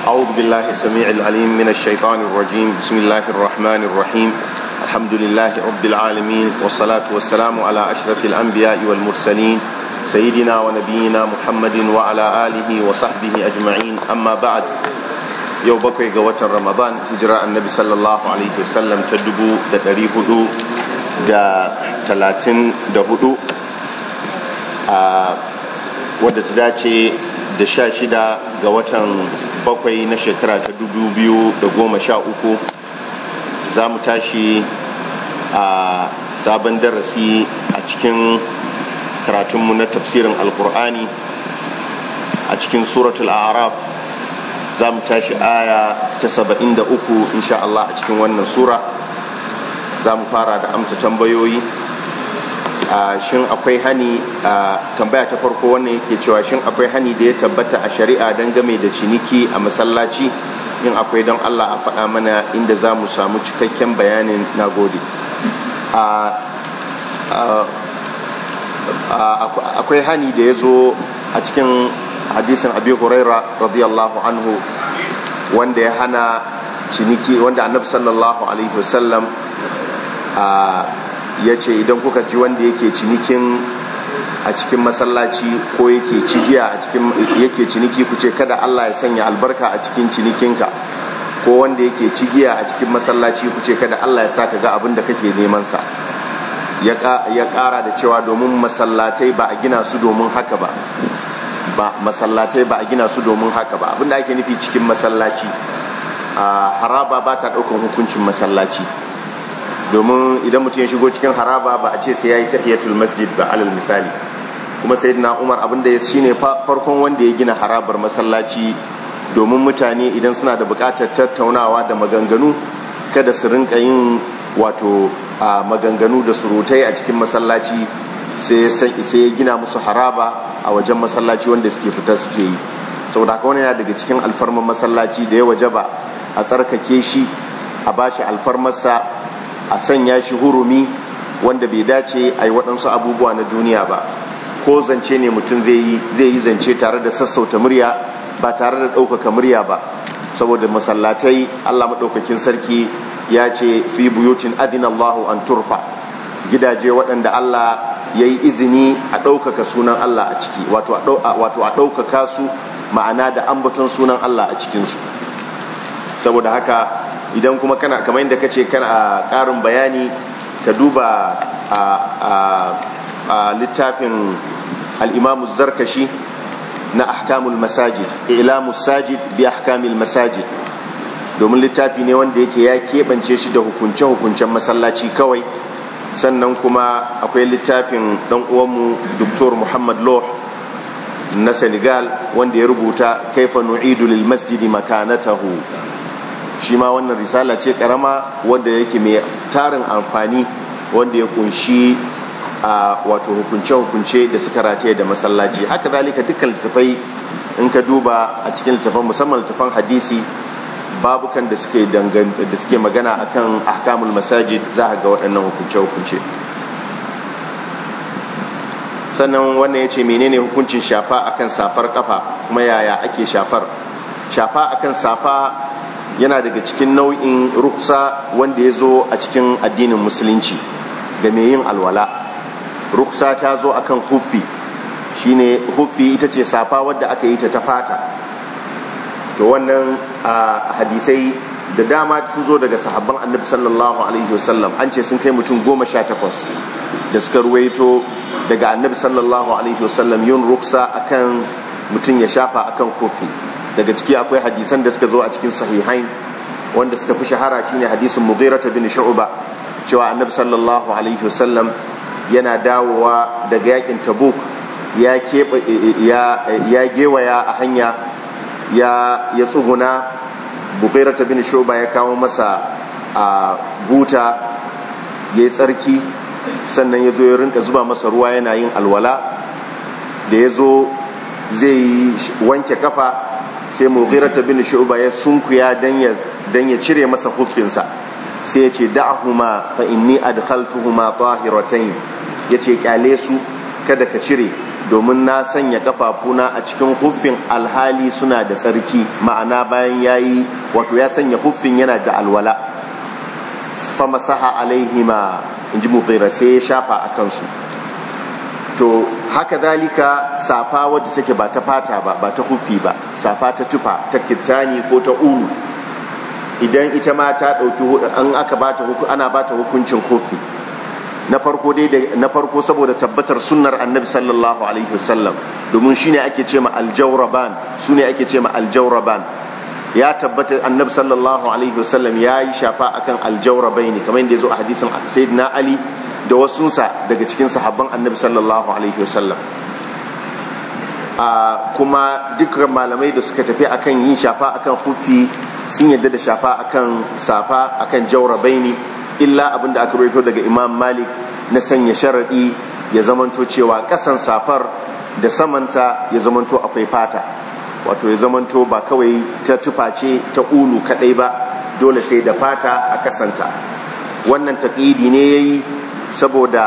أعوذ بالله السميع العليم من الشيطان الرجيم بسم الله الرحمن الرحيم الحمد لله رب العالمين والصلاة والسلام على أشرف الأنبياء والمرسلين سيدنا ونبينا محمد وعلى آله وصحبه أجمعين أما بعد yau bakwai ga watan ramadan hijira annabi sallallahu alaihi wasallam ta dubu da dari hudu da talatin da hudu a wadda ta dace da sha shida ga watan bakwai na shekara ta dubu biyu da goma sha uku za mu tashi a sabon darasi a cikin karatunmu na tafsirin alkur'ani a cikin suratul araf za mu tashi aya ta saba'in da uku insha'Allah a cikin wannan sura za mu fara da amsa tambayoyi shin akwai hani tambaya ta farko wannan yake cewa shin akwai hani da ya tabbata a shari'a don game da ciniki a masallaci yin akwai don Allah a faɗa mana inda za mu samu cikakken bayanin na gode akwai hani da ya zo a cikin hadisin abu huraira radiyallahu anhu wanda ya hana ciniki wanda annabi sallallahu alaihi wasallam a ya ce idan kuka ji wanda yake cinikin a cikin masallaci ko yake cigiya a cikin yake ciniki ku ce kada Allah ya sanya albarka a cikin cinikinka ko wanda yake cigiya a cikin masallaci ku ce kada Allah ya sa ka ga abin da kake neman sa ya kara da cewa domin masallatai ba a gina su domin haka ba ba masallatai ba a gina su domin haka ba abin da ake nufi cikin masallaci haraba ba ta ɗaukar hukuncin masallaci domin idan mutum ya shigo cikin haraba ba a ce sai ya yi tahiyatul masjid ba alal misali kuma sayyidina umar abinda shi ne farkon wanda ya gina harabar masallaci domin mutane idan suna da bukatar tattaunawa da maganganu kada su rinka yin wato a maganganu da surutai a cikin masallaci sai ya gina musu haraba a wajen masallaci wanda suke fita suke yi saboda ka wani yana daga cikin alfarmar masallaci da ya ba a tsarkake shi a bashi alfarmarsa a sanya shi hurumi wanda bai dace a yi waɗansu abubuwa na duniya ba ko zance ne mutum zai yi zance tare da sassauta murya ba tare da ɗaukaka murya ba saboda masallatai allah maɗaukakin sarki ya ce fi buyutin adinallahu an turfa gidaje waɗanda allah ya yi izini a ɗaukaka sunan allah a ciki wato a ɗaukaka su ma'ana da ambaton sunan allah a cikinsu saboda haka idan kuma kana kamar yadda kace kana ƙarin bayani ka duba a littafin al-Imam zarkashi na ahkamul masajid ilamus sajid bi ahkamil masajid domin littafi ne wanda yake ya kebance shi da hukunce-hukuncen masallaci kawai sannan kuma akwai littafin ɗan uwanmu Dr. Muhammad Loh na Senegal wanda ya rubuta kaifa nu'idu lil masjidi makanatahu shi ma wannan risala ce karama wanda yake mai tarin amfani wanda ya kunshi a wato hukunce-hukunce da suka rataye da masallaci haka zalika dukkan littafai in ka duba a cikin littafan musamman littafan hadisi babukan da suke da suke magana akan ahkamul masajid za ga waɗannan hukunce-hukunce sannan wannan ya ce menene hukuncin shafa akan safar kafa kuma yaya ake shafar shafa akan safa yana daga cikin nau'in ruksa wanda ya zo a cikin addinin musulunci ga mai yin alwala ruksa ta zo akan huffi shine huffi ita ce safa wadda aka yi ta ta fata to wannan hadisai da dama sun zo daga sahabban annabi sallallahu alaihi wasallam an ce sun kai mutum goma sha takwas da suka ruwaito daga annabi sallallahu alaihi wasallam yin ruksa akan mutum ya shafa akan huffi daga ciki akwai hadisan da suka zo a cikin sahihain wanda suka fi shahara shine hadisin mughirata bin shu'ba cewa annabi sallallahu alaihi wasallam yana dawowa daga yakin tabuk ya ya gewaya a hanya ya ya tsuguna mughirata bin shu'ba ya kawo masa a buta ya yi tsarki sannan ya zo ya rinka zuba masa ruwa yana yin alwala da ya zo zai wanke kafa sai ta bin shu'ba ya sunkuya dan ya dan ya cire masa hufinsa sai ya ce da'ahuma fa inni adkhaltuhuma tahiratayn ce kyale su kada ka cire domin na sanya kafafuna a cikin hufin alhali suna da sarki ma'ana bayan yayi wato ya sanya huffin yana da alwala fa masaha alaihima inji muhira sai ya shafa a kansu. to haka zalika safa wadda take ba ta fata ba ba ta hufi ba safa ta tufa ta kittani ko ta ulu idan ita ma ta ɗauki an aka bata ana bata hukuncin kufi na farko dai na farko saboda tabbatar sunnar annabi sallallahu alaihi wasallam domin shine ake cewa aljawraban sune ake cewa aljawraban ya tabbata annabi sallallahu alaihi wasallam yayi shafa akan aljawrabaini kamar yadda yazo a hadisin sayyidina ali da wasunsa daga cikin sahabban annabi sallallahu alaihi wasallam kuma dukkan malamai da suka tafi akan yin shafa akan kufi sun yadda da shafa akan safa akan jawrabaini illa abinda aka rito daga imam malik na sanya sharadi ya zamanto cewa kasan safar da samanta ya zamanto akwai fata wato ya zamanto ba kawai ta tuface ta ulu kadai ba dole sai da fata a kasanta wannan taƙidi ne yayi saboda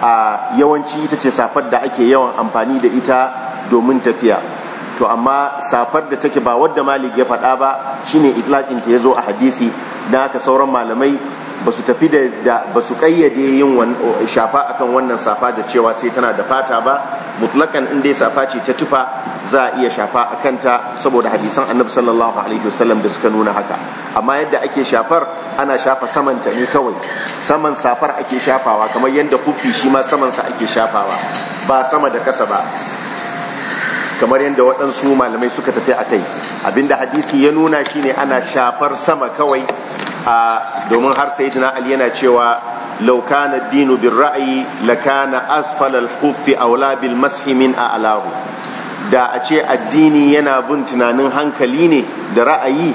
a yawanci ita ce safar da ake yawan amfani da ita domin tafiya to amma safar da take ba wadda malik ya faɗa ba shine itlaqin ta yazo a hadisi da haka sauran malamai ba su tafi da ba su kayyade yin shafa akan wannan safa da cewa sai tana da fata ba mutlakan in dai safa ce ta tufa za a iya shafa a kanta saboda hadisan annabi sallallahu alaihi wasallam da suka nuna haka amma yadda ake shafar ana shafa saman ta ne kawai saman safar ake shafawa kamar yadda kufi shi ma saman sa ake shafawa ba sama da kasa ba kamar yadda waɗansu malamai suka tafi a kai abinda hadisi ya nuna shine ana shafar sama kawai a domin har na ali yana cewa laukana kana dinu bir ra'yi lakana asfalal kufi khuffi awla bil a'lahu da a ce addini yana bin tunanin hankali ne da ra'ayi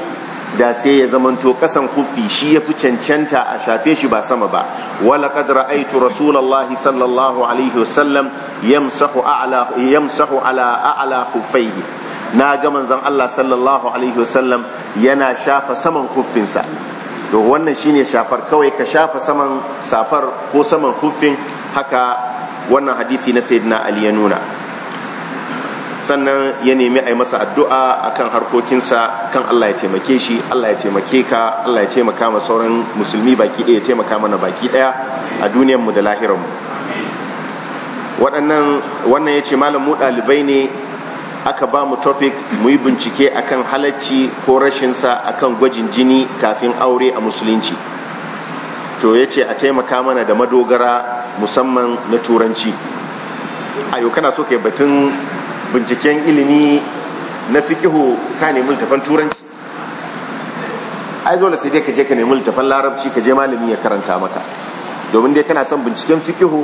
da sai ya zamanto kasan kufi shi ya fi cancanta a shafe shi ba sama ba wala qad ra'aytu rasulullahi sallallahu alaihi wasallam yamsahu a'la yamsahu ala a'la na ga manzon Allah sallallahu alaihi wasallam yana shafa saman kufinsa to wannan shine shafar kawai ka shafa saman safar ko saman kuffin haka wannan hadisi na sayyidina ali ya nuna sannan ya nemi a yi masa addu'a a kan harkokinsa kan Allah ya taimake shi Allah ya taimake ka Allah ya taimaka ma sauran musulmi baki ɗaya ya taimaka mana baki ɗaya a duniyarmu da lahirarmu waɗannan wannan ya ce malam mu ɗalibai ne aka ba mu topic mu yi bincike a kan halacci ko rashinsa a kan gwajin jini kafin aure a musulunci to ya ce a taimaka mana da madogara musamman na turanci yau kana so kai batun binciken ilimi na fikihu ka nemi littafan turanci ai dole sai dai ka je ka nemi littafan larabci ka je malami ya karanta maka domin dai kana son binciken fikihu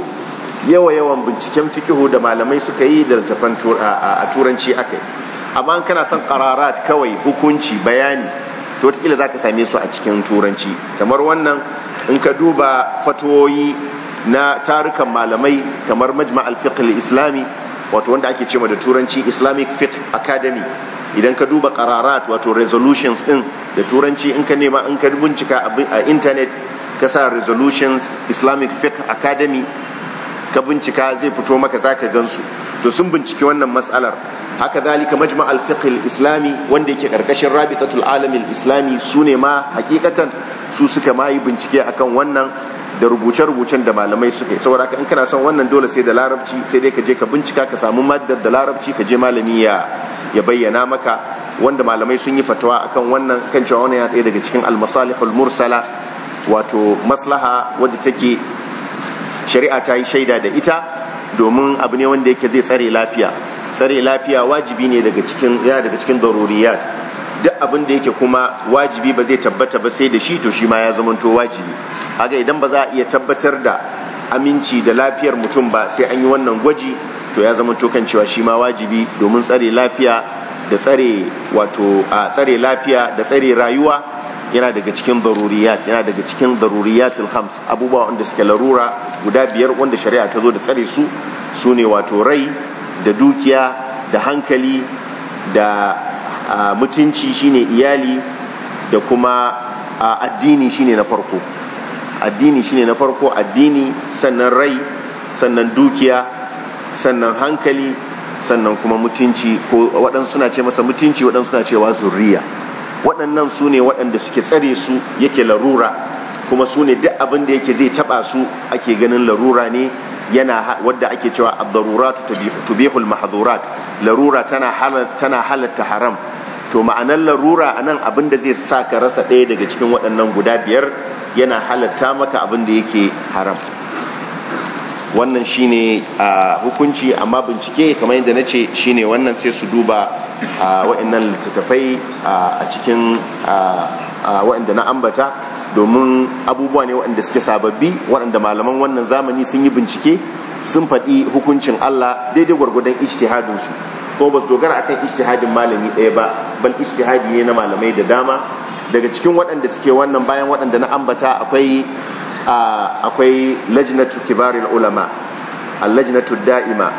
yawa yawan binciken fikihu da malamai suka yi da littafan a turanci aka yi amma kana son kararat kawai hukunci bayani to wataƙila za ka same su a cikin turanci kamar wannan in ka duba fatoyi na tarukan malamai kamar fiqh alfiqil islami wato wanda ake cewa da turanci islamic fiqh academy idan ka duba kararat wato resolutions din da turanci in ka nema in ka bincika a internet ka sa resolutions islamic fiqh academy ka bincika zai fito maka zaka gansu to sun binciki wannan matsalar haka zalika majma' al-fiqh al-islami wanda yake karkashin rabitatul alam al-islami sune ma hakikatan su suka ma bincike akan wannan da rubuce-rubucen da malamai suka yi saboda in kana son wannan dole sai da larabci sai dai ka je ka bincika ka samu maddar da larabci ka je malami ya ya bayyana maka wanda malamai sun yi fatawa akan wannan kan cewa wannan ya ɗaya daga cikin almasalihul mursala wato maslaha wadda take shari'a ta yi shaida da ita domin abu ne wanda yake zai tsare lafiya tsare lafiya wajibi ne daga cikin ya daga cikin daruriyat duk abin da yake kuma wajibi ba zai tabbata ba sai da shi to shi ma ya zamanto wajibi haga idan ba za a iya tabbatar da aminci da lafiyar mutum ba sai an yi wannan gwaji to ya zamanto kan cewa shi ma wajibi domin tsare lafiya da tsare wato a tsare lafiya da tsare rayuwa yana daga cikin daruriyat yana daga cikin daruriyatul khams abubuwa wanda suke larura guda biyar wanda shari'a ta zo da tsare su sune wato rai da dukiya da hankali da mutunci shine iyali da kuma addini shine na farko addini shine na farko addini sannan rai sannan dukiya sannan hankali sannan kuma mutunci ko waɗansu suna ce masa mutunci waɗansu suna cewa zurriya waɗannan su ne waɗanda suke tsare su yake larura kuma su ne duk abin da yake zai taba su ake ganin larura ne yana wadda ake cewa ad tubihul mahdhurat larura tana tana halatta haram to ma'anar larura a nan abin da zai sa ka rasa ɗaya daga cikin waɗannan guda biyar yana halatta maka abin da yake haram wannan shine a hukunci amma bincike kamar yadda na ce shine wannan sai su duba a waɗannan littattafai a cikin waɗanda na ambata domin abubuwa ne waɗanda suke sababbi waɗanda malaman wannan zamani sun yi bincike sun faɗi hukuncin Allah daidai gwargwadon su ko ba su dogara akan ijtihadin malami ɗaya ba bal ijtihadi ne na malamai da dama daga cikin waɗanda suke wannan bayan waɗanda na ambata akwai akwai lajnatu kibaril ulama al-lajnatu da'ima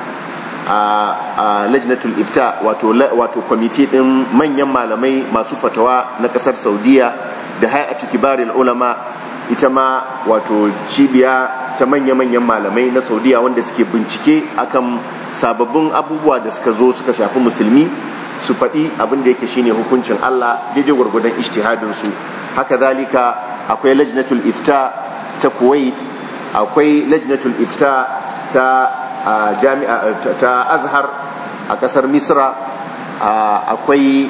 a lajnatul ifta wato kwamiti ɗin manyan malamai masu fatawa na ƙasar saudiya da hay'atu kibarin ulama ita ma wato cibiya ta manya-manyan malamai na saudiya wanda suke bincike akan sababbin abubuwa da suka zo suka shafi musulmi su faɗi abin da yake shine hukuncin allah daidai gwargwadon ishtihadinsu haka zalika akwai lajnatul ifta ta kuwait akwai lajnatul ifta ta jami'a ta azhar a kasar misra akwai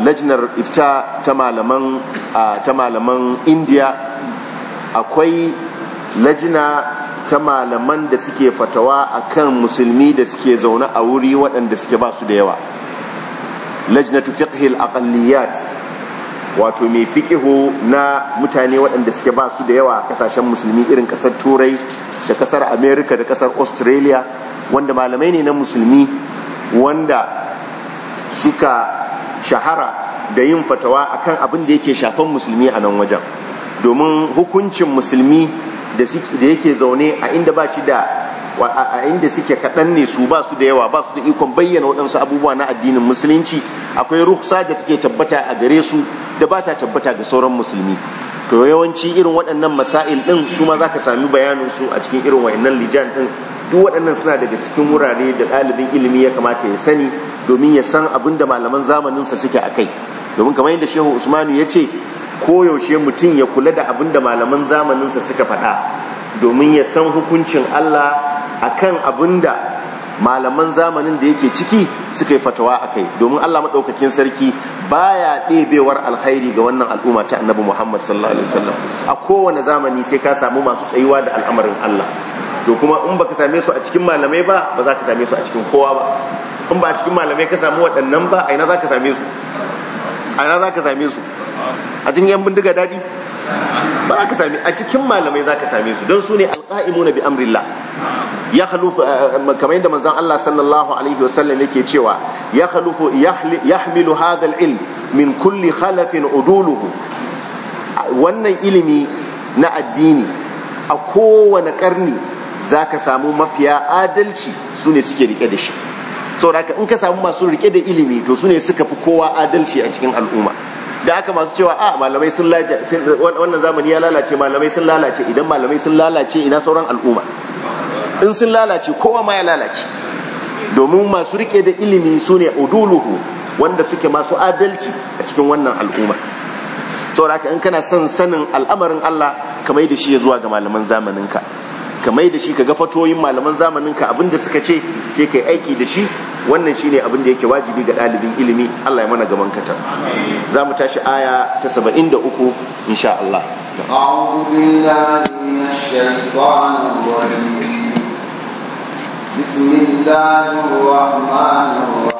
lajinar ifta ta malaman ta malaman indiya akwai lajina ta malaman da suke fatawa a kan musulmi da suke zaune a wuri waɗanda suke ba su da yawa lajnatu fiqhil aqalliyat wato mai fiƙihu na mutane waɗanda suke ba su da yawa a ƙasashen musulmi irin ƙasar turai da ƙasar amerika da ƙasar australia wanda malamai ne na musulmi wanda suka shahara da yin fatawa akan abin da yake shafan musulmi a nan wajen domin hukuncin musulmi da yake zaune a inda ba shi da a inda suke kaɗan ne su ba su da yawa ba su da ikon bayyana waɗansu abubuwa na addinin musulunci akwai ruhsa da take tabbata a gare su da ba ta tabbata ga sauran musulmi to yawanci irin waɗannan masail ɗin su ma za ka sami bayanin su a cikin irin wayannan lijan ɗin duk waɗannan suna daga cikin wurare da ɗalibin ilimi ya kamata ya sani domin ya san abin da malaman zamaninsa suke a kai domin kamar yadda shehu usmanu ya ce koyaushe mutum ya kula da abin da malaman zamaninsa suka faɗa domin ya san hukuncin allah akan abinda malaman zamanin da yake ciki suka yi fatawa a kai domin Allah maɗaukakin sarki baya ɗebewar alkhairi ga wannan al'umma ta annabi Muhammad sallallahu alaihi wasallam a kowane zamani sai ka samu masu tsayuwa da al'amarin Allah to kuma in baka same su a cikin malamai ba ba za ka same su a cikin kowa ba in ba a cikin malamai ka samu waɗannan ba a ina za ka same su a ina za ka same su a cikin yan bindiga daɗi ba za ka sami a cikin malamai za ka same su don su ne alƙa'imuna bi amrillah ya halufu eh, eh, kamar yadda manzon Allah sallallahu alaihi wasallam yake cewa ya halufu yahmilu hadha al-ilm min kulli khalafin uduluhu wannan ilimi na addini a kowane karni za ka samu mafiya adalci su ne suke rike da shi saboda haka in ka samu masu rike da ilimi to su ne suka fi kowa adalci a cikin al'umma da aka masu cewa a ah, malamai sun lalace wannan zamani ya lalace malamai sun lalace idan malamai sun lalace ina sauran al'umma in sun lalace kowa ma ya lalace domin masu rike da ilimi su ne uduluhu wanda suke masu adalci a cikin wannan al'umma saboda haka in kana son sanin al'amarin Allah kamar da shi ya zuwa ga malaman zamaninka ka mai da shi ka ga fatoyin malaman zamanin ka abin da suka ce sai kai aiki da shi wannan shine abin da yake wajibi ga ɗalibin ilimi Allah ya mana gaban katar za mu tashi aya ta 73 insha Allah a'udhu billahi minash الشيطان rajim bismillahir rahmanir rahim wa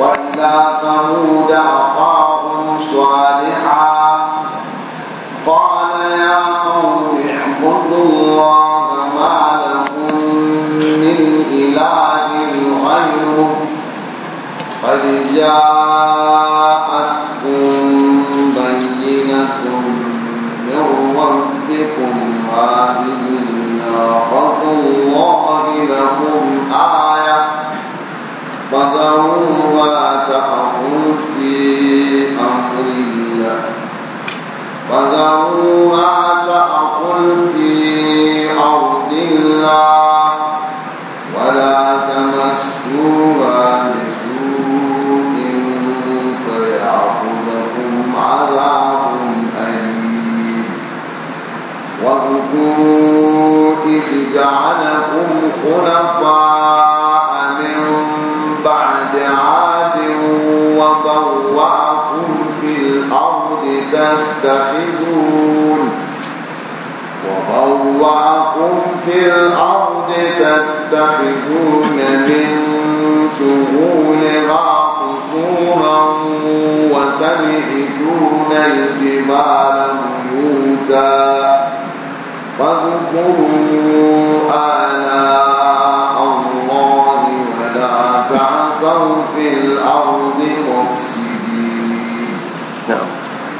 وإلى ثمود أخاهم صالحا اعبدوا الله ما لكم من إله غيره قد جاء يتخذون من سهول غاقصورا وتنحتون الجبال بيوتا فاذكروا آلاء الله ولا تعثوا في الأرض مفسدين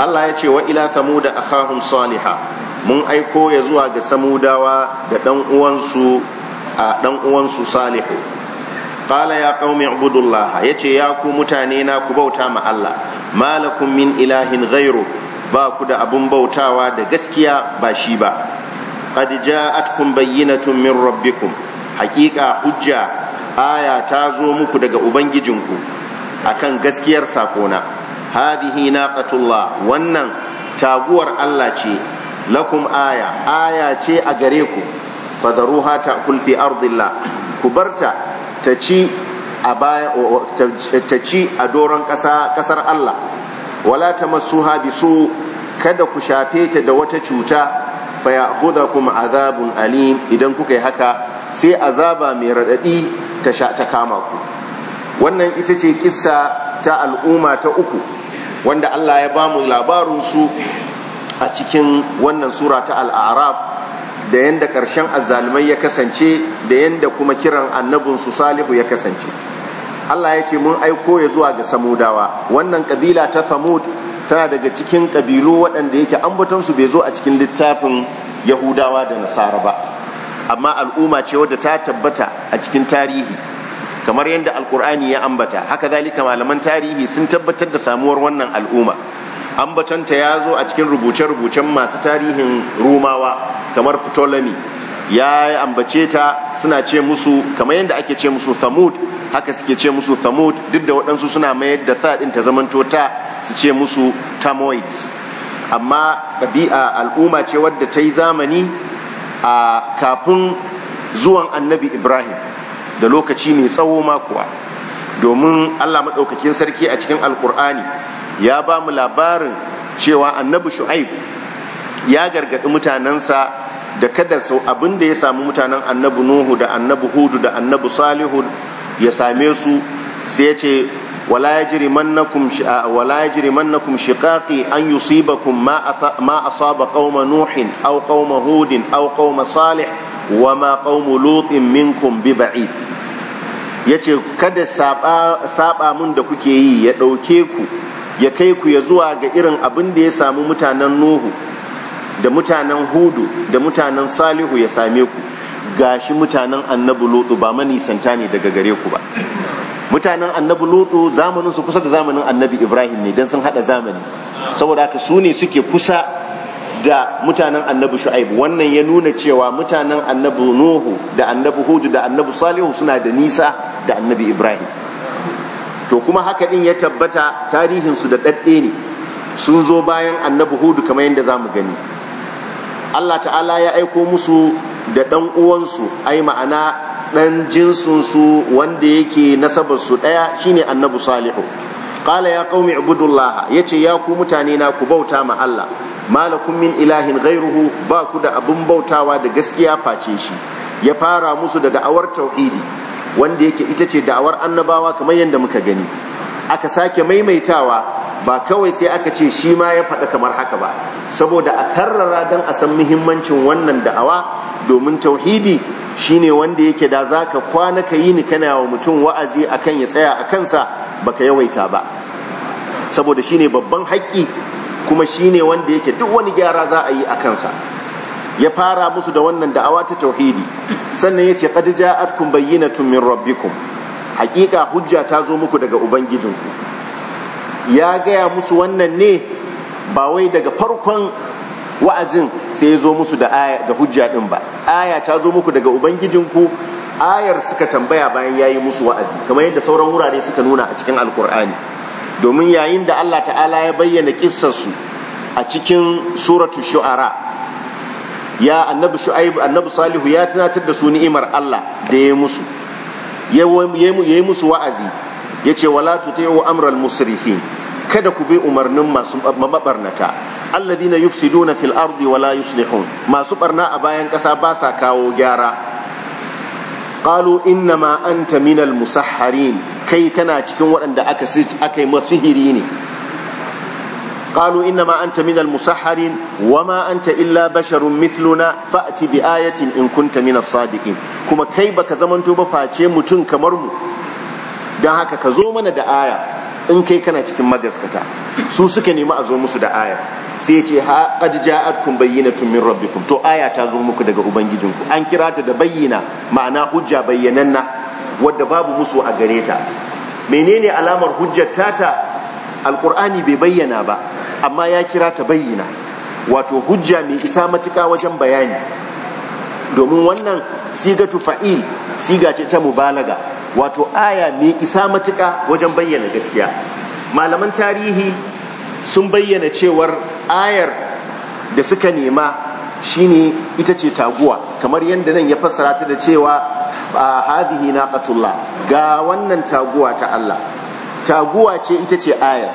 Allah ya ce wa ila samuda akhahum salihah mun aiko ya zuwa ga samudawa da dan uwansu a dan uwansu salihu qala ya qaumi ya yace ya ku mutane na ku bauta ma Allah malakum min ilahin ghairu ba ku da abun bautawa da gaskiya ba shi ba qad ja'atkum bayyinatun min rabbikum haqiqa hujja aya ta zo muku daga ubangijinku akan gaskiyar sakona hadihi naqatullah wannan taguwar Allah ce lakum aya aya ce a gare ku fadaruha ta kulfi ardilla, ku barta ta ci a ta ci a doron ƙasa ƙasar Allah wala masu bisu kada ku shafe ta da wata cuta kuma azabun alim idan kuka yi haka sai azaba mai raɗaɗi ta ta kama ku wannan ita ce kissa ta al'umma ta uku wanda Allah ya bamu mu su a cikin wannan sura ta al-a'raf da yadda ƙarshen azzalumai ya kasance da yadda kuma kiran annabinsu salihu ya kasance Allah ya ce mun aiko ya zuwa ga samudawa wannan kabila ta samud tana daga cikin kabilu waɗanda yake ambatonsu bai zo a cikin littafin yahudawa da nasara ba amma al'umma ce wadda ta tabbata a cikin tarihi kamar yadda alkur'ani ya ambata haka zalika malaman tarihi sun tabbatar da samuwar wannan al'umma ambatonta ya zo a cikin rubuce-rubucen masu tarihin rumawa kamar ptolemy ya ambace ta suna ce musu kamar yadda ake ce musu thamud haka suke ce musu thamud duk da waɗansu suna mayar da saɗin ta zamanto ta su ce musu tamoids amma ɗabi'a al'umma ce wadda ta yi zamani a kafin zuwan annabi ibrahim da lokaci mai tsawo makuwa domin allah maɗaukakin sarki a cikin alkur'ani ya ba mu labarin cewa annabi shu'aib ya gargadi mutanensa da kada su abin da ya samu mutanen Annabu nuhu da Annabu hudu da Annabu salihu ya same su sai ya ce wala yajri mannakum shiƙaƙi an yusibakum ma asaba qauma nuhin au qauma hudin au qauma salih wa ma qaumu lutin minkum bi ba'id ce, kada saba mun da kuke yi ya ɗauke ku ya kai ku ya zuwa ga irin abin da ya samu mutanen nuhu da mutanen hudu da mutanen salihu ya same ku gashi mutanen annabi lutu ba manisanta ne daga gare ku ba mutanen annabi lutu zamanin su kusa da zamanin annabi ibrahim ne don sun hada zamani saboda haka su ne suke kusa da mutanen annabi shu'aib wannan ya nuna cewa mutanen annabi nuhu da annabi hudu da annabi salihu suna da nisa da annabi ibrahim to kuma haka din ya tabbata tarihinsu da ɗaɗɗe ne sun zo bayan annabi hudu kamar yadda za mu gani Allah ta'ala ya aiko musu da ɗan uwansu ai ma'ana ɗan jinsinsu wanda yake nasabarsu ɗaya shine annabi salihu qala ya qaumi ibudullah yace ya ku mutane na ku bauta ma Allah malakum min ilahin ghairuhu ba ku da abun bautawa da gaskiya face shi ya fara musu da da'awar tauhidi wanda yake ita ce da'awar annabawa kamar yadda muka gani aka sake maimaitawa ba kawai sai aka ce shi ma ya faɗa kamar haka ba saboda a karrara dan a san muhimmancin wannan da'awa domin tauhidi shine wanda yake da zaka kwana ka yi ni kana wa mutum wa'azi akan ya tsaya a kansa baka yawaita ba saboda shine babban haƙƙi kuma shine wanda yake duk wani gyara za a yi a kansa ya fara musu da wannan da'awa ta tauhidi sannan ya ce qad ja'atkum bayyinatun min rabbikum haqiqa hujja ta zo muku daga ubangijinku ya gaya musu wannan ne ba wai daga farkon wa'azin sai ya zo musu da aya da hujja din ba aya ta zo muku daga ubangijinku ayar suka tambaya bayan yayi musu wa'azi kamar yadda sauran wurare suka nuna a cikin alkur'ani domin yayin da Allah ta'ala ya bayyana kissarsu a cikin suratu shu'ara ya annabi shu'aib annabi salihu ya tunatar da su ni'imar Allah da ya yi musu wa'azi Yace, wala tuta yi wa amuran musurifi kada ku bi umarnin masu mabarnata alladhi na yufsi na fil ardi wala yuslihun masu barna a bayan ƙasa ba sa kawo gyara ƙalu inna ma an ta minal musaharin kai tana cikin waɗanda aka yi masu hiri ne ƙalu inna ma an ta minal musaharin wa ma an ta illa basharun mithluna fa'ati bi ayatin in kunta minas sadiqin kuma kai baka zamanto ba face mutum kamar mu don haka ka zo mana da aya in kai kana cikin magaskata su suka nemi a zo musu da aya sai ya ce ha kad ja'atkum bayyinatun min rabbikum to aya ta zo muku daga ubangijinku an kira ta da bayyina ma'ana hujja bayyananna wadda babu musu a gare ta menene alamar hujjar tata alqur'ani bai bayyana ba amma ya kira ta bayyina wato hujja mai isa matuka wajen bayani domin wannan sigatu fa'il siga ce ta mubalaga wato aya mai isa matuƙa wajen bayyana gaskiya malaman tarihi sun bayyana cewar ayar da suka nema shine ita ce taguwa kamar yadda nan ya fassara ta da cewa a hadhihi naqatullah ga wannan taguwa ta Allah taguwa ce ita ce ayar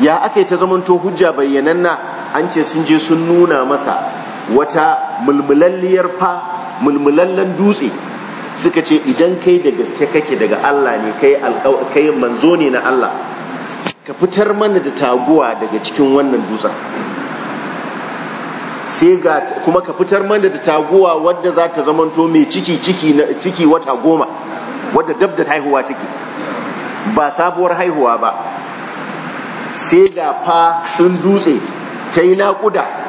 ya aka yi ta zamanto hujja bayyananna an ce sun je sun nuna masa wata mulmulalliyar fa mulmulallen dutse suka ce idan kai da gaske kake daga Allah ne kai kai manzo ne na Allah ka fitar mana da taguwa daga cikin wannan dutsen sai ga kuma ka fitar mana da taguwa wadda za ta zamanto mai ciki ciki na ciki wata goma wadda dab da haihuwa ciki ba sabuwar haihuwa ba sai ga fa ɗin dutse ta yi naƙuda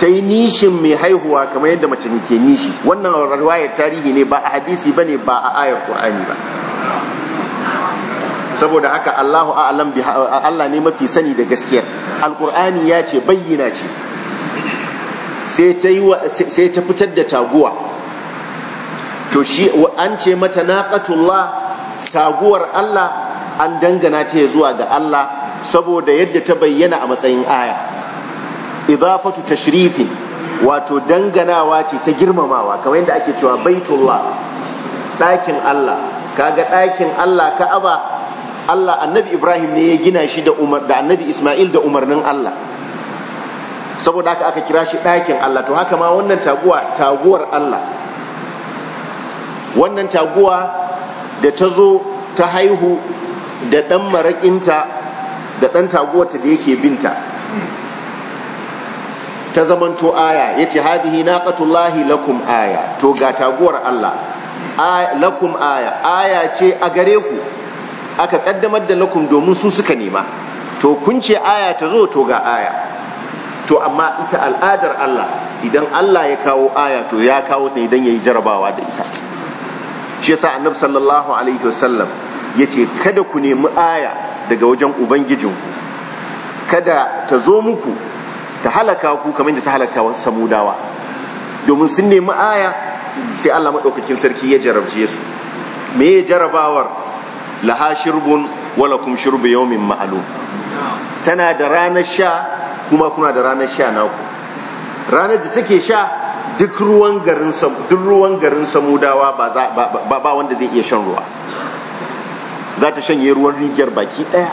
ta yi nishin mai haihuwa kamar yadda mace ke nishi wannan riwayar tarihi ne ba a hadisi ba ne, ba a ayar Kur'ani ba saboda haka Allahu a'lam bi Allah ne mafi sani da gaskiyar alkur'ani ya ce bayyana ce sai ta fitar da taguwa to shi an ce mata naqatullah taguwar Allah an dangana ta zuwa ga Allah saboda yadda ta bayyana a matsayin aya idafatu tashrifin wato danganawa ce ta girmamawa kamar yadda ake cewa baitullah ɗakin Allah kaga ɗakin Allah Ka'aba Allah annabi Ibrahim ne ya gina shi da umar da annabi Ismail da umarnin Allah saboda haka aka kira shi ɗakin Allah to haka ma wannan taguwa taguwar Allah wannan taguwa da ta zo ta haihu da ɗan maraƙinta da ɗan taguwarta da yake binta ta zamanto aya Ya yace hadihi naqatullahi lakum aya to ga taguwar Allah lakum aya aya ce a gare ku aka ƙaddamar da lakum domin su suka nema to kun ce aya ta zo to ga aya to amma ita al'adar Allah idan Allah ya kawo aya to ya kawo ta idan yayi jarabawa da ita shi yasa annabi sallallahu alaihi wasallam yace kada ku nemi aya daga wajen ubangijinku kada ta zo muku ta halaka ku kamar da ta halaka samudawa domin sun nemi aya sai Allah maɗaukakin sarki ya jarabce su me ya jarabawar laha shirbun wala kum shirbu yawmin ma'lum tana da ranar sha kuma kuna da ranar sha naku ranar da take sha duk ruwan garin duk ruwan garin samudawa ba ba wanda zai iya shan ruwa za ta shanye ruwan rijiyar baki daya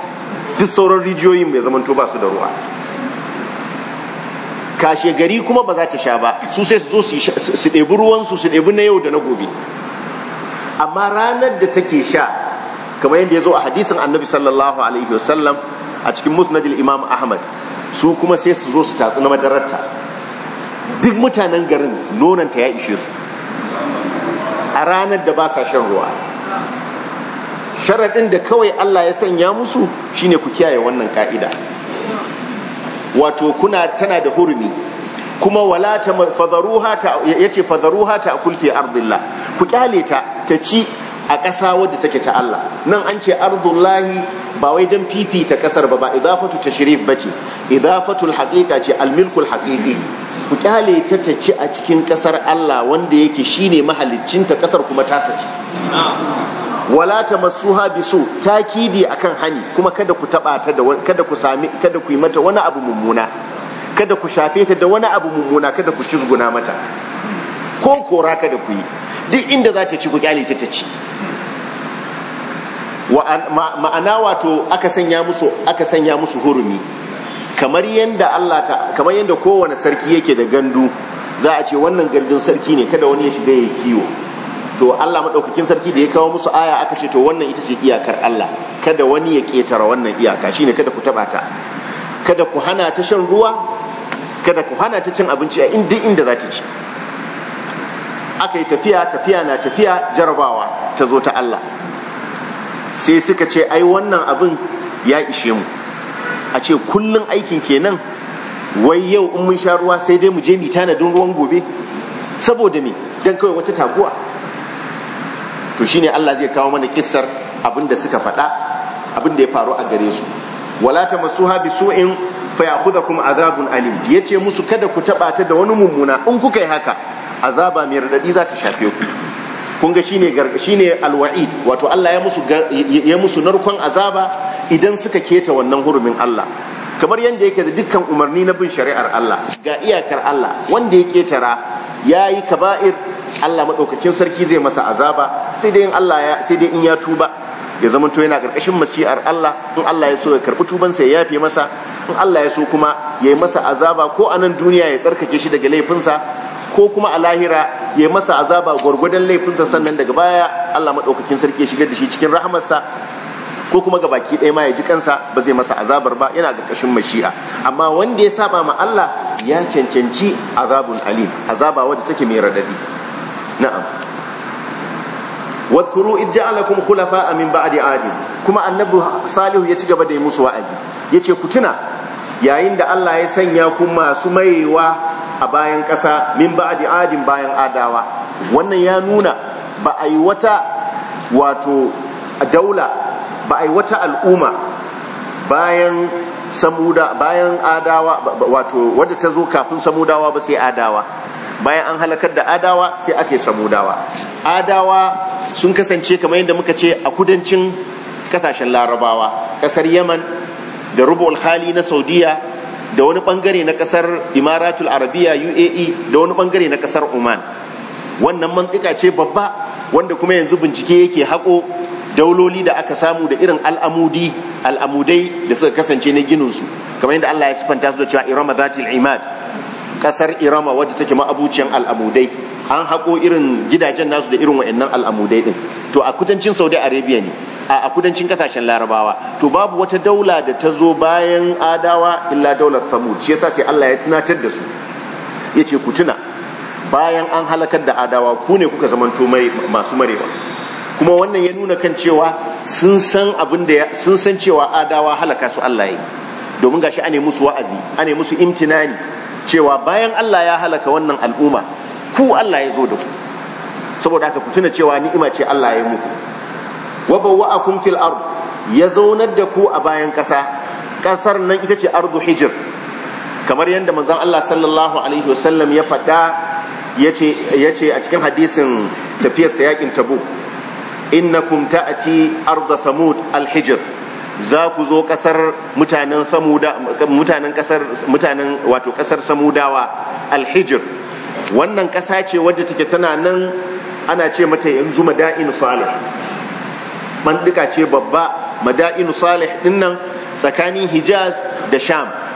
duk sauran rijiyoyin bai zamanto ba su da ruwa kashe gari kuma ba za ta sha ba su sai su zo su ɗebi ruwansu su ɗebi na yau da na gobe amma ranar da take sha kamar yadda ya zo a hadisin annabi sallallahu alaihi wasallam a cikin musnadil imam ahmad su kuma sai su zo su tatsu na madararta duk mutanen garin nonanta ya ishe su a ranar da ba sa shan ruwa sharaɗin da kawai Allah ya sanya musu shine ku kiyaye wannan ka'ida wato kuna tana da hurumi kuma wala ta fadaruha ta yace fadaruha ta akul fi ardillah ku kyale ta ta ci a ƙasa wadda take ta Allah nan an ce ardullahi ba wai dan ta kasar ba ba idafatu tashrif bace idafatul alhaqiqa ce almilku alhaqiqi ku kyale ta ta ci a cikin ƙasar Allah wanda yake shine ta ƙasar kuma ta sace wala ta kidi a kan hani kuma kada ku taɓa ta da kada ku sami kada ku yi mata wani abu mummuna kada ku shafe ta da wani abu mummuna kada ku cizguna mata ko kora kada ku yi duk inda za ta ci ku kyale ta ta ci ma'ana wato aka sanya musu aka sanya musu hurumi kamar yanda Allah ta kamar yanda kowane sarki yake da gandu za a ce wannan gandun sarki ne kada wani ya shiga ya kiwo to Allah madaukakin sarki da ya kawo musu aya aka ce to wannan ita ce iyakar Allah kada wani ya ketara wannan iyaka shine kada ku taba ta kada ku hana ta shan ruwa kada ku hana ta cin abinci a inda inda za ta ci aka yi tafiya tafiya na tafiya jarabawa ta zo ta Allah sai suka ce ai wannan abin ya ishe mu a ce kullun aikin kenan wai yau in mun sha ruwa sai dai mu je mu tanadin ruwan gobe saboda me dan kawai wata taguwa to shine Allah zai kawo mana kissar abinda suka faɗa abinda ya faru a gare su wala su'in bisu'in kuma azabun alim ce musu kada ku taba ta da wani mummuna in kuka yi haka azaba mai radadi za ta shafe ku kun ga shine shine alwa'id wato Allah ya musu narkon azaba idan suka keta wannan hurumin Allah kamar yadda yake da dukkan umarni na bin shari'ar Allah ga iyakar Allah wanda ya ketara yayi kaba'ir Allah madaukakin sarki zai masa azaba sai dai in Allah ya sai dai in ya tuba ya zama to yana karkashin masi'ar Allah in Allah ya so ya karɓi tuban sa ya yafe masa in Allah ya so kuma ya masa azaba ko a nan duniya ya tsarkake shi daga laifinsa ko kuma a lahira ya masa azaba gwargwadon laifinsa sannan daga baya Allah madaukakin sarki ya shigar da shi cikin rahamarsa ko kuma ga baki ɗaya ma ya ji kansa ba zai masa azabar ba yana ƙarƙashin mashi'a amma wanda ya saba ma Allah ya cancanci azabun alim azaba wadda take mai radadi na'am wadhkuru id ja'alakum khulafa'a min ba'di adi kuma annabi salihu ya ci gaba da yi musu wa'azi yace ku tuna yayin da Allah ya sanya ku masu mayewa a bayan ƙasa min ba'di 'adin bayan adawa wannan ya nuna ba ai wata wato daula ba ai wata al'umma bayan samuda bayan adawa wato wadda ta zo kafin samudawa ba sai adawa bayan an halakar da adawa sai aka yi samudawa adawa sun kasance kamar yadda muka ce a kudancin kasashen larabawa kasar yaman da rubul hali na saudiya da wani bangare na kasar imaratul arabiya uae da wani bangare na kasar oman wannan mantika ce babba wanda kuma yanzu bincike yake haƙo dauloli da aka samu da irin al'amudi al'amudai da suka kasance na ginin su. kamar yadda Allah ya sifanta su da cewa irama zatil imad kasar irama wadda take ma'abuciyan al'amudai an haƙo irin gidajen nasu da irin wa'annan al'amudai din to a kudancin saudi arabia ne a kudancin kasashen larabawa to babu wata daula da ta zo bayan adawa illa daular samud shi yasa sai allah ya tunatar da su ya ce ku tuna bayan an halakar da adawa ku ne kuka zamanto masu marewa kuma wannan ya nuna kan cewa sun san abin da sun san cewa adawa halaka su allah ya yi domin gashi ane musu wa'azi ane musu imtinani cewa bayan Allah ya halaka wannan al'umma ku Allah ya zo da ku saboda haka ku tuna cewa ni'ima ce Allah ya yi muku wa bawwa'akum fil ard ya zaunar da ku a bayan ƙasa ƙasar nan ita ce ardu hijir kamar yadda manzon Allah sallallahu alaihi wasallam ya faɗa yace yace a cikin hadisin tafiyar yaƙin tabu tabuk innakum ta'ati arda samud al za ku zo kasar mutanen samuda mutanen kasar mutanen wato kasar samudawa al wannan kasa ce wadda take tana nan ana ce mata yanzu mada'in salih bandika ce babba mada'in salih dinnan tsakanin hijaz da sham